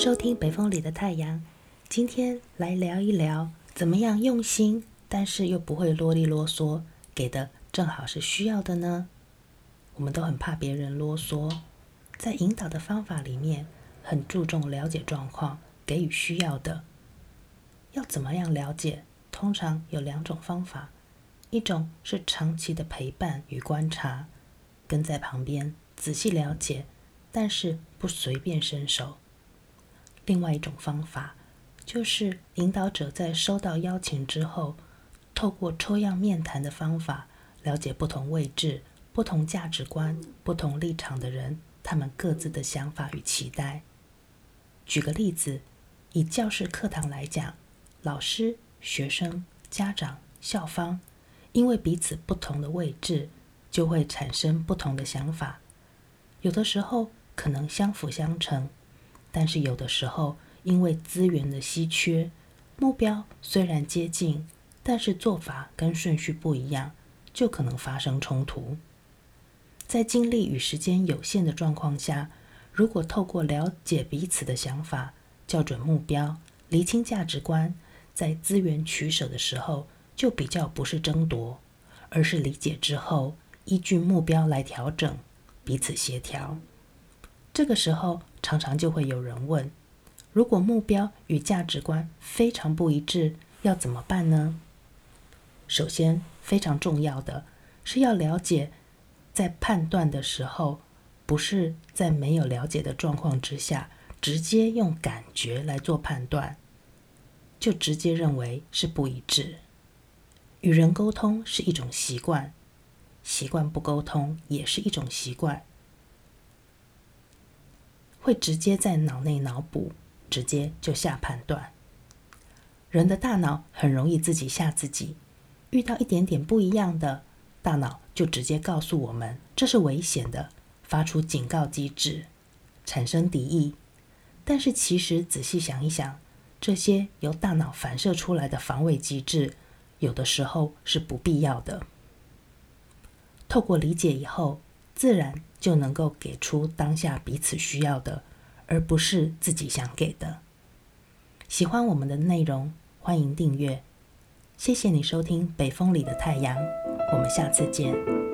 收聽北風裡的太陽，今天來聊一聊怎麼樣用心，但是又不會囉裡囉嗦，給的正好是需要的呢？我們都很怕別人囉嗦，在引導的方法裡面，很注重了解狀況，給予需要的。要怎麼樣了解？通常有兩種方法，一種是長期的陪伴與觀察，跟在旁邊仔細了解，但是不隨便伸手。另外一種方法，就是引導者在收到邀請之後，透過抽樣面談的方法，了解不同位置、不同價值觀、不同立場的人，他們各自的想法與期待。舉個例子，以教室課堂來講，老師、學生、家長、校方，因為彼此不同的位置，就會產生不同的想法，有的時候可能相輔相成。但是有的時候，因為資源的稀缺，目標雖然接近，但是做法跟順序不一樣，就可能發生衝突。在精力與時間有限的狀況下，如果透過了解彼此的想法，校準目標，釐清價值觀，在資源取捨的時候，就比較不是爭奪，而是理解之後，依據目標來調整，彼此協調。這個時候，常常就會有人問：如果目標與價值觀非常不一致，要怎麼辦呢？首先，非常重要的是要了解，在判斷的時候，不是在沒有了解的狀況之下，直接用感覺來做判斷，就直接認為是不一致。與人溝通是一種習慣，習慣不溝通也是一種習慣。會直接在腦內腦補，直接就下判斷。人的大腦很容易自己嚇自己，遇到一點點不一樣的，大腦就直接告訴我們這是危險的，發出警告機制，產生敵意。但是其實仔細想一想，這些由大腦反射出來的防衛機制，有的時候是不必要的。透過理解以後，自然。就能夠給出當下彼此需要的，而不是自己想給的。喜歡我們的內容，歡迎訂閱。謝謝你收聽《北風裡的太陽》，我們下次見。